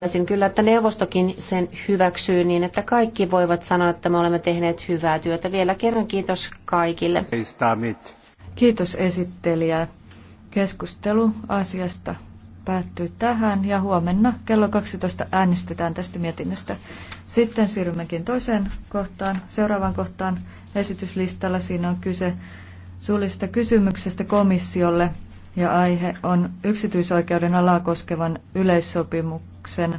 Toivoisin kyllä, että neuvostokin sen hyväksyy niin, että kaikki voivat sanoa, että me olemme tehneet hyvää työtä. Vielä kerran kiitos kaikille. Kiitos esittelijä. Keskustelu asiasta päättyy tähän ja huomenna kello 12 äänestetään tästä mietinnöstä. Sitten siirrymmekin toiseen kohtaan, seuraavaan kohtaan esityslistalla. Siinä on kyse suullisesta kysymyksestä komissiolle ja aihe on yksityisoikeuden alaa koskevan yleissopimuksen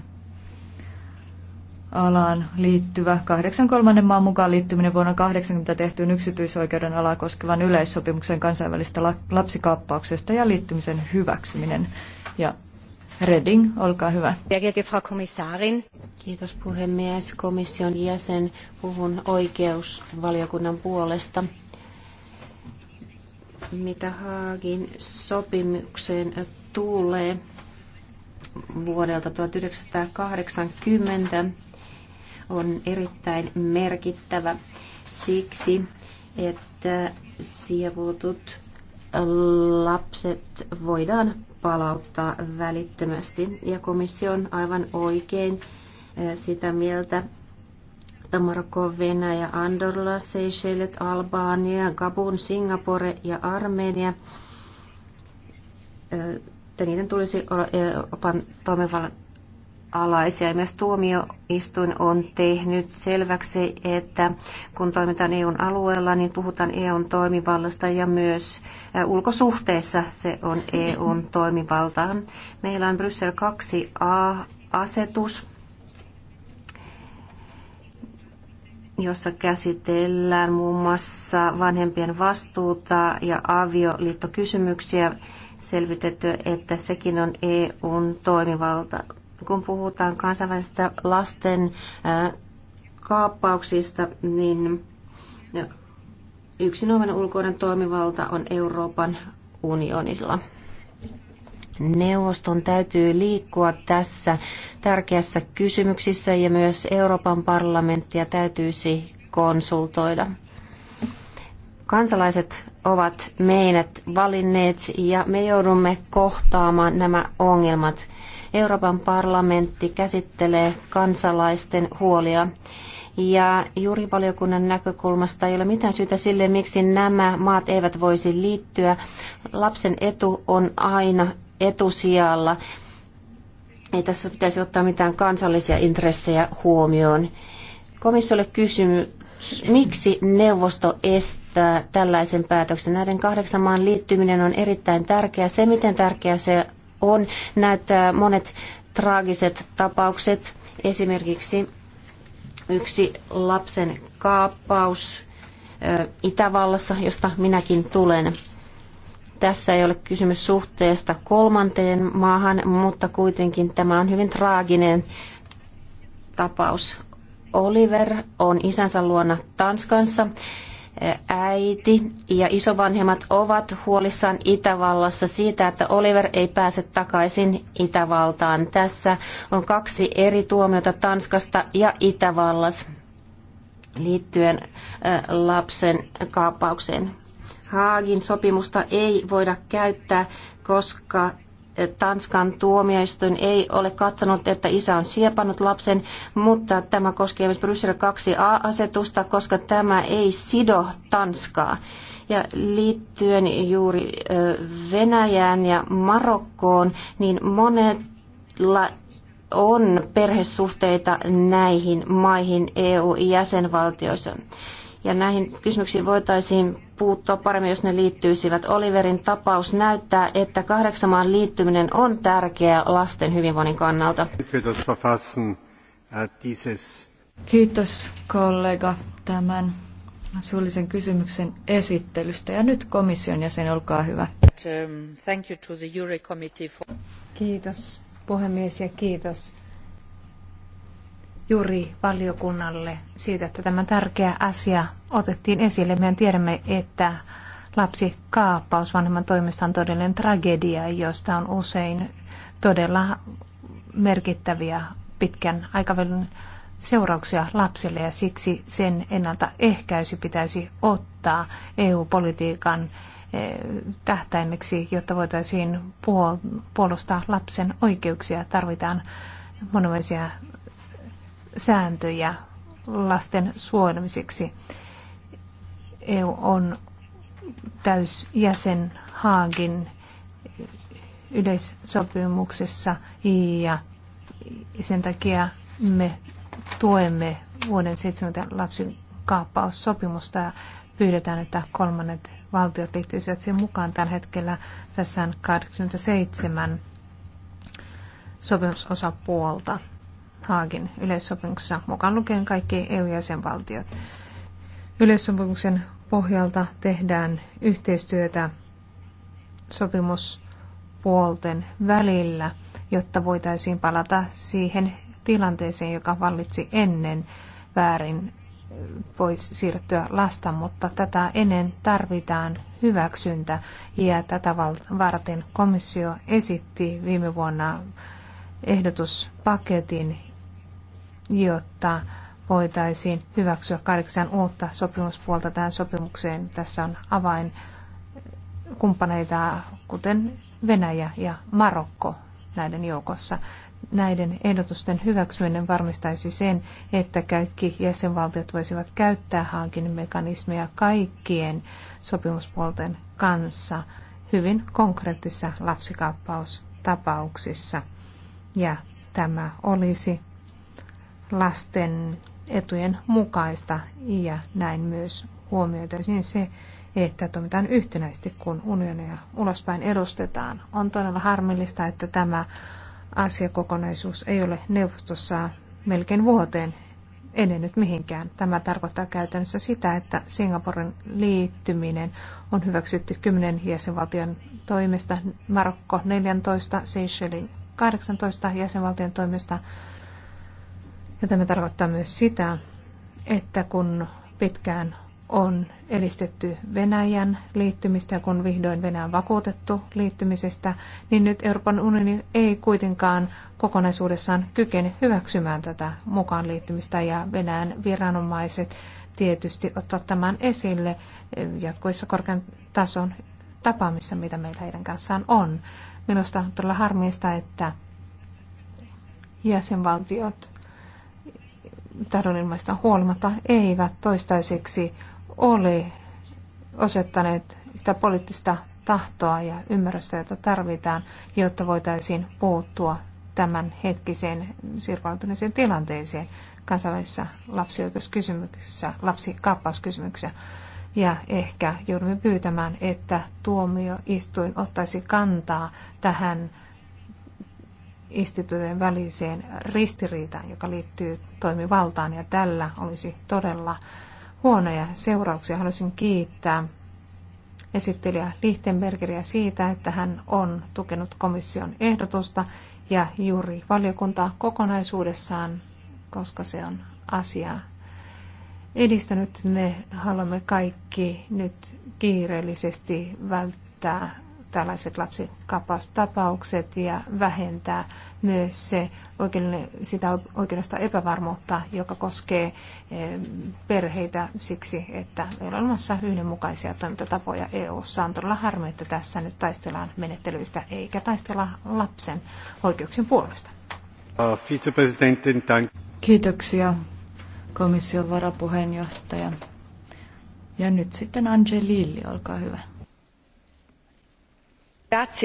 alaan liittyvä 83. maan mukaan liittyminen vuonna 80 tehtyyn yksityisoikeuden alaa koskevan yleissopimuksen kansainvälistä lapsikaappauksesta ja liittymisen hyväksyminen. Ja Reding, olkaa hyvä. Kiitos puhemies, komission jäsen. Puhun oikeusvaliokunnan puolesta mitä Haagin sopimukseen tulee vuodelta 1980, on erittäin merkittävä siksi, että sievutut lapset voidaan palauttaa välittömästi. Ja komissio on aivan oikein eh, sitä mieltä, Marokko, Venäjä, Andorra, Seychellet, Albania, Gabun, Singapore ja Armenia. Että niiden tulisi olla opan toimivallan alaisia. Ja myös tuomioistuin on tehnyt selväksi, että kun toimitaan EUn alueella, niin puhutaan EUn toimivallasta ja myös ulkosuhteissa se on EUn toimivaltaan. Meillä on Bryssel 2a-asetus, jossa käsitellään muun muassa vanhempien vastuuta ja avioliittokysymyksiä selvitetty, että sekin on EUn toimivalta. Kun puhutaan kansainvälisistä lasten kaappauksista, niin yksinomainen ulkoinen toimivalta on Euroopan unionilla. Neuvoston täytyy liikkua tässä tärkeässä kysymyksissä ja myös Euroopan parlamenttia täytyisi konsultoida. Kansalaiset ovat meidät valinneet ja me joudumme kohtaamaan nämä ongelmat. Euroopan parlamentti käsittelee kansalaisten huolia. Ja juuri valiokunnan näkökulmasta ei ole mitään syytä sille, miksi nämä maat eivät voisi liittyä. Lapsen etu on aina etusijalla. Ei tässä pitäisi ottaa mitään kansallisia intressejä huomioon. Komissiolle kysymys, miksi neuvosto estää tällaisen päätöksen? Näiden kahdeksan maan liittyminen on erittäin tärkeää. Se, miten tärkeää se on, näyttää monet traagiset tapaukset. Esimerkiksi yksi lapsen kaappaus Itävallassa, josta minäkin tulen. Tässä ei ole kysymys suhteesta kolmanteen maahan, mutta kuitenkin tämä on hyvin traaginen tapaus. Oliver on isänsä luona Tanskassa. Äiti ja isovanhemmat ovat huolissaan Itävallassa siitä, että Oliver ei pääse takaisin Itävaltaan. Tässä on kaksi eri tuomiota Tanskasta ja Itävallassa liittyen lapsen kaappaukseen. Haagin sopimusta ei voida käyttää, koska Tanskan tuomioistuin ei ole katsonut, että isä on siepannut lapsen, mutta tämä koskee myös Bryssel 2a-asetusta, koska tämä ei sido Tanskaa. Ja liittyen juuri Venäjään ja Marokkoon, niin monella on perhesuhteita näihin maihin EU-jäsenvaltioissa ja näihin kysymyksiin voitaisiin puuttua paremmin, jos ne liittyisivät. Oliverin tapaus näyttää, että kahdeksamaan liittyminen on tärkeää lasten hyvinvoinnin kannalta. Kiitos kollega tämän suullisen kysymyksen esittelystä. Ja nyt komission jäsen, olkaa hyvä. Um, kiitos puhemies ja kiitos juuri valiokunnalle siitä, että tämä tärkeä asia otettiin esille. Meidän tiedämme, että lapsikaappaus vanhemman toimesta on todellinen tragedia, josta on usein todella merkittäviä pitkän aikavälin seurauksia lapsille ja siksi sen ennaltaehkäisy pitäisi ottaa EU-politiikan eh, tähtäimeksi, jotta voitaisiin puolustaa lapsen oikeuksia. Tarvitaan monenlaisia sääntöjä lasten suojelmiseksi. EU on täysjäsen Haagin yleissopimuksessa ja sen takia me tuemme vuoden 70 lapsen kaappaussopimusta ja pyydetään, että kolmannet valtiot liittyisivät sen mukaan. Tällä hetkellä tässä on 87 sopimusosapuolta. Haagin yleissopimuksessa, mukaan lukien kaikki EU-jäsenvaltiot. Yleissopimuksen pohjalta tehdään yhteistyötä sopimuspuolten välillä, jotta voitaisiin palata siihen tilanteeseen, joka vallitsi ennen väärin pois siirtyä lasta, mutta tätä ennen tarvitaan hyväksyntä ja tätä varten komissio esitti viime vuonna ehdotuspaketin, jotta voitaisiin hyväksyä kahdeksan uutta sopimuspuolta tähän sopimukseen. Tässä on avain kumppaneita, kuten Venäjä ja Marokko näiden joukossa. Näiden ehdotusten hyväksyminen varmistaisi sen, että kaikki jäsenvaltiot voisivat käyttää mekanismeja kaikkien sopimuspuolten kanssa hyvin konkreettisissa lapsikaappaustapauksissa. Ja tämä olisi lasten etujen mukaista ja näin myös huomioitaisiin se, että toimitaan yhtenäisesti, kun unionia ulospäin edustetaan. On todella harmillista, että tämä asiakokonaisuus ei ole neuvostossa melkein vuoteen edennyt mihinkään. Tämä tarkoittaa käytännössä sitä, että Singaporen liittyminen on hyväksytty 10 jäsenvaltion toimesta, Marokko 14, Seychellin 18 jäsenvaltion toimesta, ja tämä tarkoittaa myös sitä, että kun pitkään on edistetty Venäjän liittymistä ja kun vihdoin Venäjä on vakuutettu liittymisestä, niin nyt Euroopan unioni ei kuitenkaan kokonaisuudessaan kykene hyväksymään tätä mukaan liittymistä ja Venäjän viranomaiset tietysti ottaa tämän esille jatkuessa korkean tason tapaamissa, mitä meillä heidän kanssaan on. Minusta on todella harmista, että jäsenvaltiot tahdonilmaista huolimatta eivät toistaiseksi ole osoittaneet sitä poliittista tahtoa ja ymmärrystä, jota tarvitaan, jotta voitaisiin puuttua tämän hetkiseen sirpautuneeseen tilanteeseen kansainvälisissä lapsioikeuskysymyksissä, lapsikaappauskysymyksissä. Ja ehkä joudumme pyytämään, että tuomioistuin ottaisi kantaa tähän instituutioiden väliseen ristiriitaan, joka liittyy toimivaltaan, ja tällä olisi todella huonoja seurauksia. Haluaisin kiittää esittelijä Lichtenbergeriä siitä, että hän on tukenut komission ehdotusta ja juuri valiokuntaa kokonaisuudessaan, koska se on asia edistänyt. Me haluamme kaikki nyt kiireellisesti välttää tällaiset lapsikapaustapaukset ja vähentää myös se sitä oikeudesta epävarmuutta, joka koskee eh, perheitä siksi, että meillä on olemassa yhdenmukaisia toimintatapoja EU-ssa. On todella harmi, että tässä nyt taistellaan menettelyistä eikä taistella lapsen oikeuksien puolesta. Uh, Kiitoksia komission varapuheenjohtaja. Ja nyt sitten Angelilli, olkaa hyvä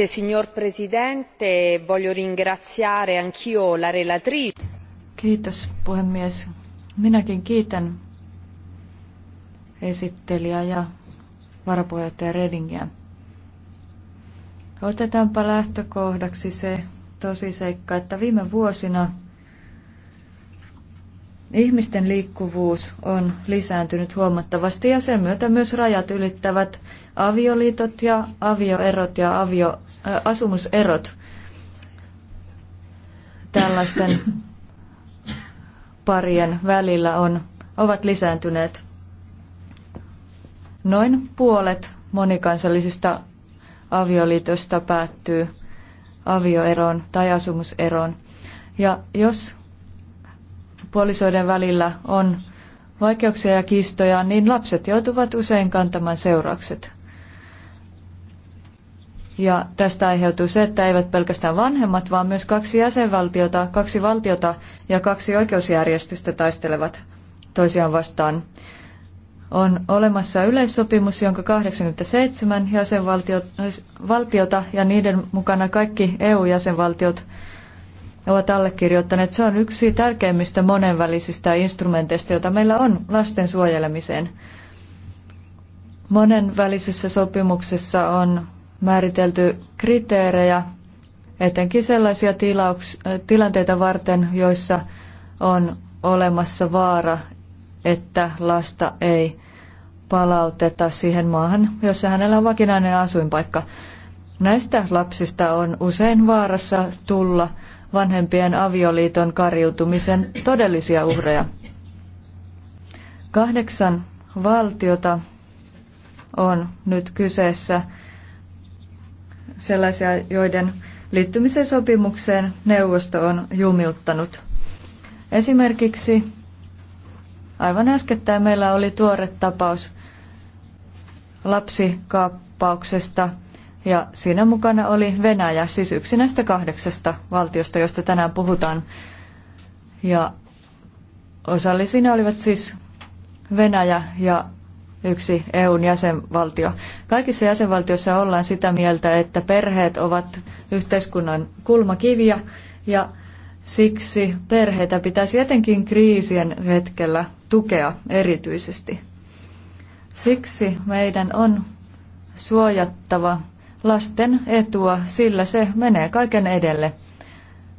signor presidente voglio ringraziare anch'io la relatrice. Kiitos puhemies. Minäkin kiitän esittelijää ja varapuheenjohtaja Redingiä. Otetaanpa lähtökohdaksi se tosiseikka, että viime vuosina Ihmisten liikkuvuus on lisääntynyt huomattavasti ja sen myötä myös rajat ylittävät avioliitot ja avioerot ja avio, äh, asumuserot tällaisten parien välillä on, ovat lisääntyneet. Noin puolet monikansallisista avioliitosta päättyy avioeroon tai asumuseroon. Ja jos puolisoiden välillä on vaikeuksia ja kiistoja, niin lapset joutuvat usein kantamaan seuraukset. Ja tästä aiheutuu se, että eivät pelkästään vanhemmat, vaan myös kaksi jäsenvaltiota, kaksi valtiota ja kaksi oikeusjärjestystä taistelevat toisiaan vastaan. On olemassa yleissopimus, jonka 87 jäsenvaltiota ja niiden mukana kaikki EU-jäsenvaltiot ovat allekirjoittaneet. Se on yksi tärkeimmistä monenvälisistä instrumenteista, joita meillä on lasten suojelemiseen. Monenvälisessä sopimuksessa on määritelty kriteerejä, etenkin sellaisia tilauks- tilanteita varten, joissa on olemassa vaara, että lasta ei palauteta siihen maahan, jossa hänellä on vakinainen asuinpaikka. Näistä lapsista on usein vaarassa tulla vanhempien avioliiton kariutumisen todellisia uhreja. Kahdeksan valtiota on nyt kyseessä sellaisia, joiden liittymisen sopimukseen neuvosto on jumiuttanut. Esimerkiksi aivan äskettäin meillä oli tuore tapaus lapsikaappauksesta – ja siinä mukana oli Venäjä, siis yksi näistä kahdeksasta valtiosta, josta tänään puhutaan. Ja osallisina olivat siis Venäjä ja yksi EUn jäsenvaltio. Kaikissa jäsenvaltioissa ollaan sitä mieltä, että perheet ovat yhteiskunnan kulmakiviä ja siksi perheitä pitäisi etenkin kriisien hetkellä tukea erityisesti. Siksi meidän on suojattava lasten etua, sillä se menee kaiken edelle.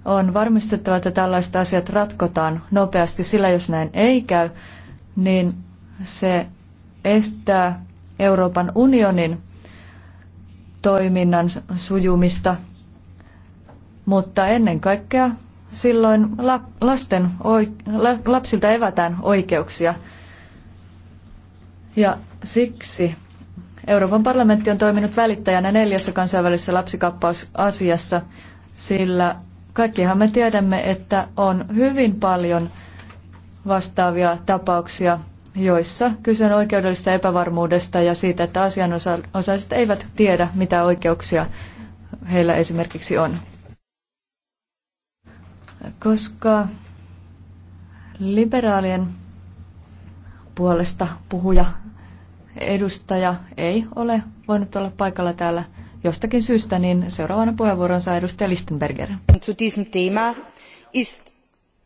On varmistettava, että tällaiset asiat ratkotaan nopeasti, sillä jos näin ei käy, niin se estää Euroopan unionin toiminnan sujumista, mutta ennen kaikkea silloin lasten, lapsilta evätään oikeuksia. Ja siksi Euroopan parlamentti on toiminut välittäjänä neljässä kansainvälisessä lapsikappausasiassa, sillä kaikkihan me tiedämme, että on hyvin paljon vastaavia tapauksia, joissa kyse on oikeudellisesta epävarmuudesta ja siitä, että asianosaiset eivät tiedä, mitä oikeuksia heillä esimerkiksi on. Koska liberaalien puolesta puhuja edustaja ei ole voinut olla paikalla täällä jostakin syystä, niin seuraavana puheenvuoron saa edustaja Lichtenberger.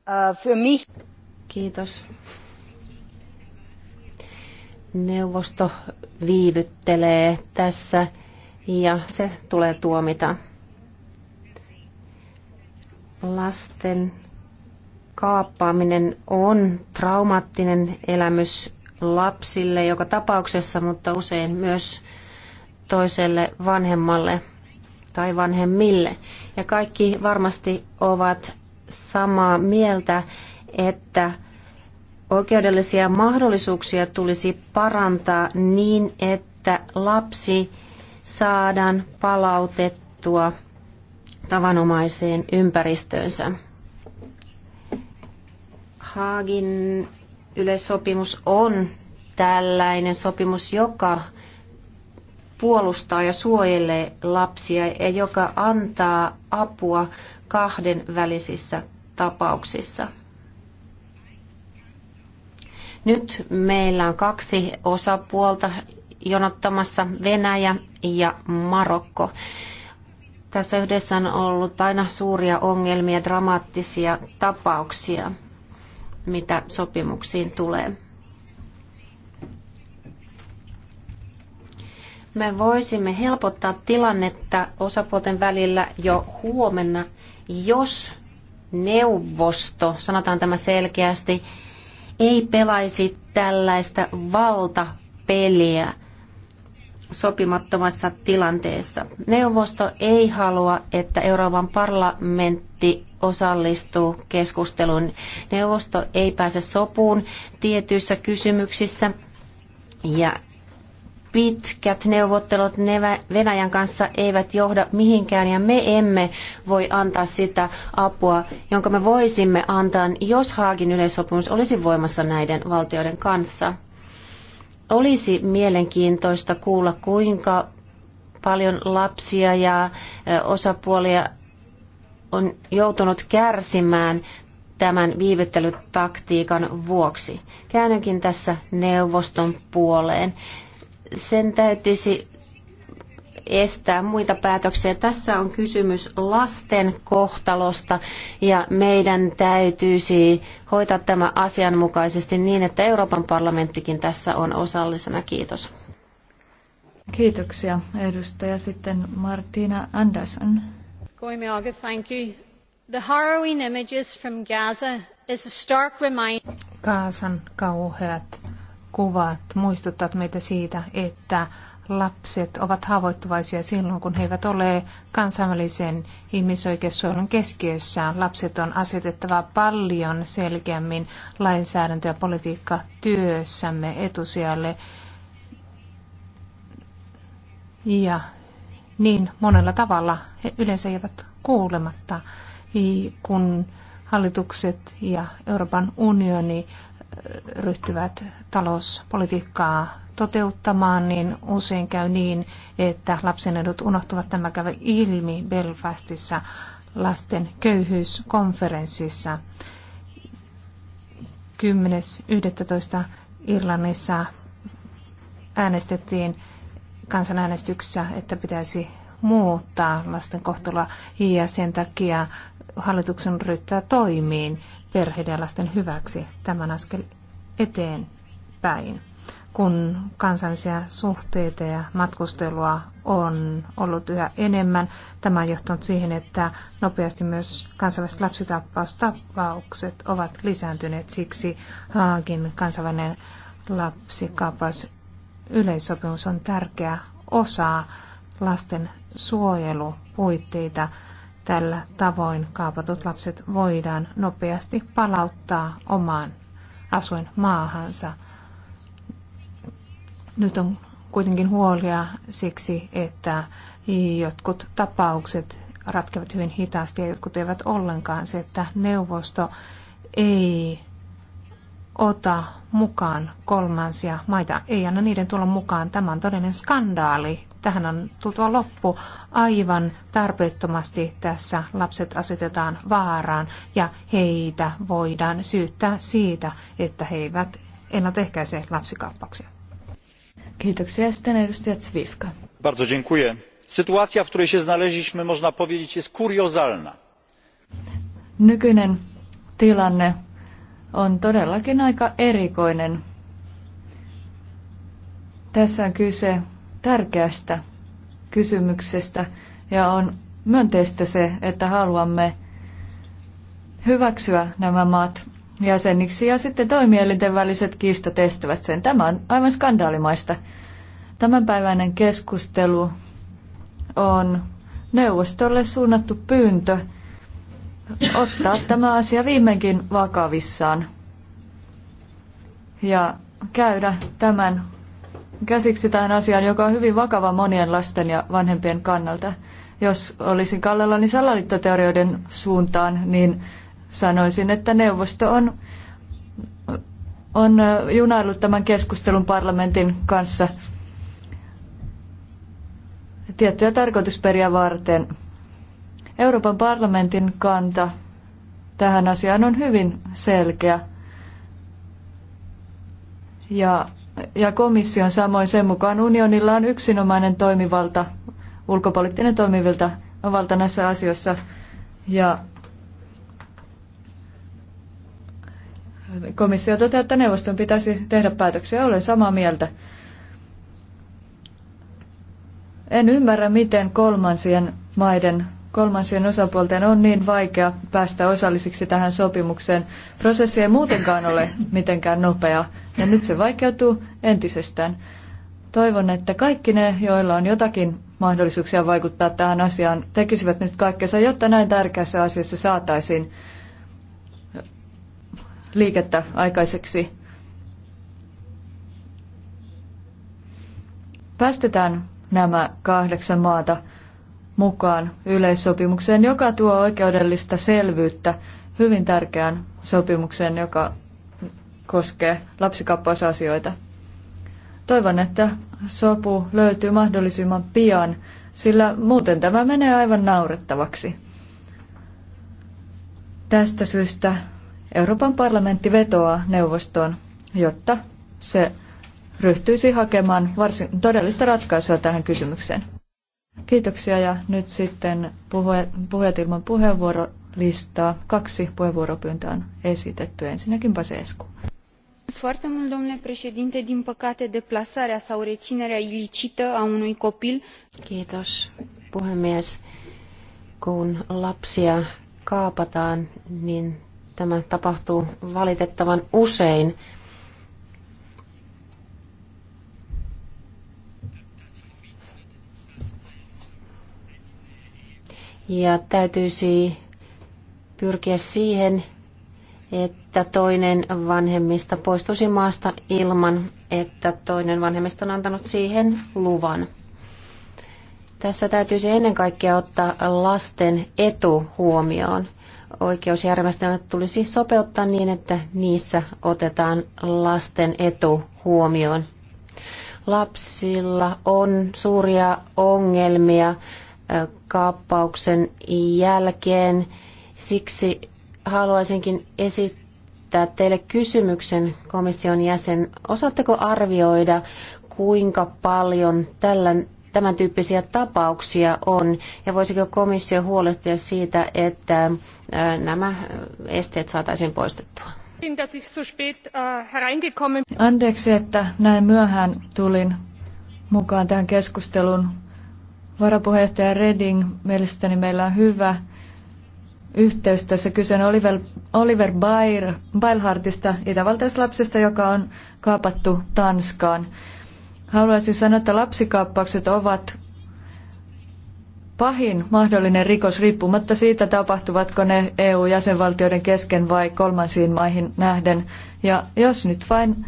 Äh, Kiitos. Neuvosto viivyttelee tässä ja se tulee tuomita. Lasten kaappaaminen on traumaattinen elämys lapsille joka tapauksessa, mutta usein myös toiselle vanhemmalle tai vanhemmille. Ja kaikki varmasti ovat samaa mieltä, että oikeudellisia mahdollisuuksia tulisi parantaa niin, että lapsi saadaan palautettua tavanomaiseen ympäristöönsä. Hagin yleissopimus on tällainen sopimus, joka puolustaa ja suojelee lapsia ja joka antaa apua kahden välisissä tapauksissa. Nyt meillä on kaksi osapuolta jonottamassa Venäjä ja Marokko. Tässä yhdessä on ollut aina suuria ongelmia, dramaattisia tapauksia mitä sopimuksiin tulee. Me voisimme helpottaa tilannetta osapuolten välillä jo huomenna, jos neuvosto, sanotaan tämä selkeästi, ei pelaisi tällaista valtapeliä sopimattomassa tilanteessa. Neuvosto ei halua, että Euroopan parlamentti osallistuu keskusteluun. Neuvosto ei pääse sopuun tietyissä kysymyksissä ja pitkät neuvottelut Venäjän kanssa eivät johda mihinkään ja me emme voi antaa sitä apua, jonka me voisimme antaa, jos Haagin yleissopimus olisi voimassa näiden valtioiden kanssa. Olisi mielenkiintoista kuulla, kuinka paljon lapsia ja osapuolia on joutunut kärsimään tämän viivyttelytaktiikan vuoksi. Käännänkin tässä neuvoston puoleen. Sen täytyisi estää muita päätöksiä. Tässä on kysymys lasten kohtalosta ja meidän täytyisi hoitaa tämä asianmukaisesti niin, että Euroopan parlamenttikin tässä on osallisena. Kiitos. Kiitoksia edustaja. Sitten Martina Andersson. thank you. The harrowing images from Gaza is a stark reminder. Gaasan kauheat kuvat muistuttavat meitä siitä, että lapset ovat haavoittuvaisia silloin, kun he eivät ole kansainvälisen ihmisoikeussuojelun keskiössä. Lapset on asetettava paljon selkeämmin lainsäädäntö- ja politiikkatyössämme työssämme etusijalle. Ja niin monella tavalla he yleensä jäävät kuulematta, kun hallitukset ja Euroopan unioni ryhtyvät talouspolitiikkaa toteuttamaan, niin usein käy niin, että lapsen edut unohtuvat. Tämä kävi ilmi Belfastissa lasten köyhyyskonferenssissa 10.11. Irlannissa äänestettiin kansanäänestyksessä, että pitäisi muuttaa lasten kohtaloa ja sen takia hallituksen ryhtyä toimiin perheiden ja lasten hyväksi tämän askel eteenpäin. Kun kansallisia suhteita ja matkustelua on ollut yhä enemmän, tämä on johtanut siihen, että nopeasti myös kansainväliset lapsitappaustapaukset ovat lisääntyneet. Siksi Haagin kansainvälinen lapsikaapaus yleissopimus on tärkeä osa lasten suojelupuitteita. Tällä tavoin kaapatut lapset voidaan nopeasti palauttaa omaan asuinmaahansa. Nyt on kuitenkin huolia siksi, että jotkut tapaukset ratkevat hyvin hitaasti ja jotkut eivät ollenkaan. Se, että neuvosto ei ota mukaan kolmansia maita, ei anna niiden tulla mukaan. Tämä on todellinen skandaali tähän on tultava loppu. Aivan tarpeettomasti tässä lapset asetetaan vaaraan ja heitä voidaan syyttää siitä, että he eivät ennaltaehkäise lapsikaappauksia. Kiitoksia. Sitten edustaja Zwifka. Bardzo dziękuję. Sytuacja, w której się znaleźliśmy, można powiedzieć, jest kuriozalna. Nykyinen tilanne on todellakin aika erikoinen. Tässä on kyse tärkeästä kysymyksestä ja on myönteistä se, että haluamme hyväksyä nämä maat jäseniksi ja sitten toimielinten väliset kiistat estävät sen. Tämä on aivan skandaalimaista. Tämänpäiväinen keskustelu on neuvostolle suunnattu pyyntö ottaa tämä asia viimeinkin vakavissaan ja käydä tämän käsiksi tähän asiaan, joka on hyvin vakava monien lasten ja vanhempien kannalta. Jos olisin kallellani salaliittoteorioiden suuntaan, niin sanoisin, että neuvosto on, on junaillut tämän keskustelun parlamentin kanssa tiettyjä tarkoitusperiä varten. Euroopan parlamentin kanta tähän asiaan on hyvin selkeä. Ja ja komission samoin sen mukaan unionilla on yksinomainen toimivalta, ulkopoliittinen toimivalta valta näissä asioissa. Ja komissio toteaa, että neuvoston pitäisi tehdä päätöksiä. Olen samaa mieltä. En ymmärrä, miten kolmansien maiden, kolmansien osapuolten on niin vaikea päästä osallisiksi tähän sopimukseen. Prosessi ei muutenkaan ole mitenkään nopea ja nyt se vaikeutuu entisestään. Toivon, että kaikki ne, joilla on jotakin mahdollisuuksia vaikuttaa tähän asiaan, tekisivät nyt kaikkensa, jotta näin tärkeässä asiassa saataisiin liikettä aikaiseksi. Päästetään nämä kahdeksan maata mukaan yleissopimukseen, joka tuo oikeudellista selvyyttä hyvin tärkeään sopimukseen, joka koskee lapsikappausasioita. Toivon, että sopu löytyy mahdollisimman pian, sillä muuten tämä menee aivan naurettavaksi. Tästä syystä Euroopan parlamentti vetoaa neuvostoon, jotta se ryhtyisi hakemaan varsin todellista ratkaisua tähän kysymykseen. Kiitoksia ja nyt sitten puhujat ilman puheenvuorolistaa. Kaksi puheenvuoropyyntöä on esitetty. Ensinnäkin Pase Esku din păcate deplasarea sau reinerea ilicită a unui copil Kiitos, Kun lapsia kaapataan, niin tämä tapahtuu valitettavan usein. Ja täytyisi pyrkiä siihen, että toinen vanhemmista poistuisi maasta ilman, että toinen vanhemmista on antanut siihen luvan. Tässä täytyisi ennen kaikkea ottaa lasten etu huomioon. Oikeusjärjestelmät tulisi sopeuttaa niin, että niissä otetaan lasten etu huomioon. Lapsilla on suuria ongelmia kaappauksen jälkeen. Siksi haluaisinkin esittää teille kysymyksen komission jäsen. Osaatteko arvioida, kuinka paljon tällä, tämän tyyppisiä tapauksia on ja voisiko komissio huolehtia siitä, että äh, nämä esteet saataisiin poistettua? Äh, Anteeksi, että näin myöhään tulin mukaan tähän keskusteluun. Varapuheenjohtaja Reding, mielestäni meillä on hyvä yhteys tässä. Kyse on Oliver, Oliver Bair, Bailhartista, itävaltaislapsesta, joka on kaapattu Tanskaan. Haluaisin sanoa, että lapsikaappaukset ovat pahin mahdollinen rikos riippumatta siitä, tapahtuvatko ne EU-jäsenvaltioiden kesken vai kolmansiin maihin nähden. Ja jos nyt vain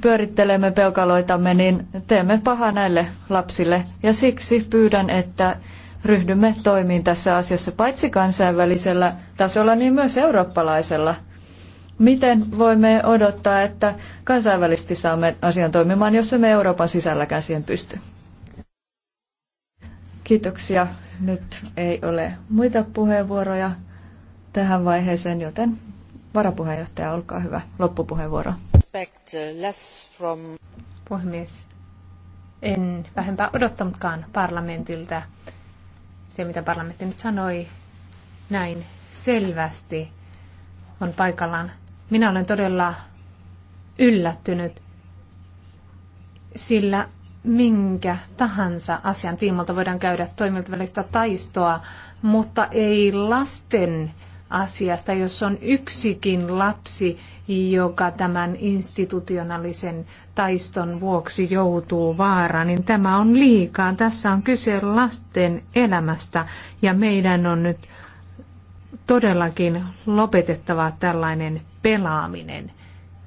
pyörittelemme peukaloitamme, niin teemme pahaa näille lapsille. Ja siksi pyydän, että ryhdymme toimiin tässä asiassa paitsi kansainvälisellä tasolla, niin myös eurooppalaisella. Miten voimme odottaa, että kansainvälisesti saamme asian toimimaan, jos emme Euroopan sisälläkään siihen pysty? Kiitoksia. Nyt ei ole muita puheenvuoroja tähän vaiheeseen, joten varapuheenjohtaja, olkaa hyvä. Loppupuheenvuoro. Puhemies, en vähempää odottanutkaan parlamentilta se, mitä parlamentti nyt sanoi näin selvästi, on paikallaan. Minä olen todella yllättynyt, sillä minkä tahansa asian tiimolta voidaan käydä toimintavälistä taistoa, mutta ei lasten asiasta, jos on yksikin lapsi, joka tämän institutionaalisen taiston vuoksi joutuu vaaraan, niin tämä on liikaa. Tässä on kyse lasten elämästä ja meidän on nyt todellakin lopetettava tällainen pelaaminen.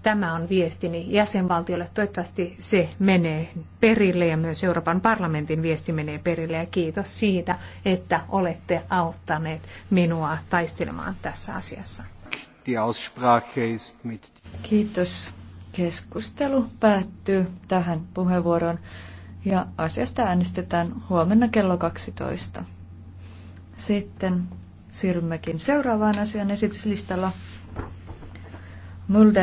Tämä on viestini jäsenvaltiolle. Toivottavasti se menee perille ja myös Euroopan parlamentin viesti menee perille. Ja kiitos siitä, että olette auttaneet minua taistelemaan tässä asiassa. Kiitos. Keskustelu päättyy tähän puheenvuoroon ja asiasta äänestetään huomenna kello 12. Sitten siirrymmekin seuraavaan asian esityslistalla. Mulder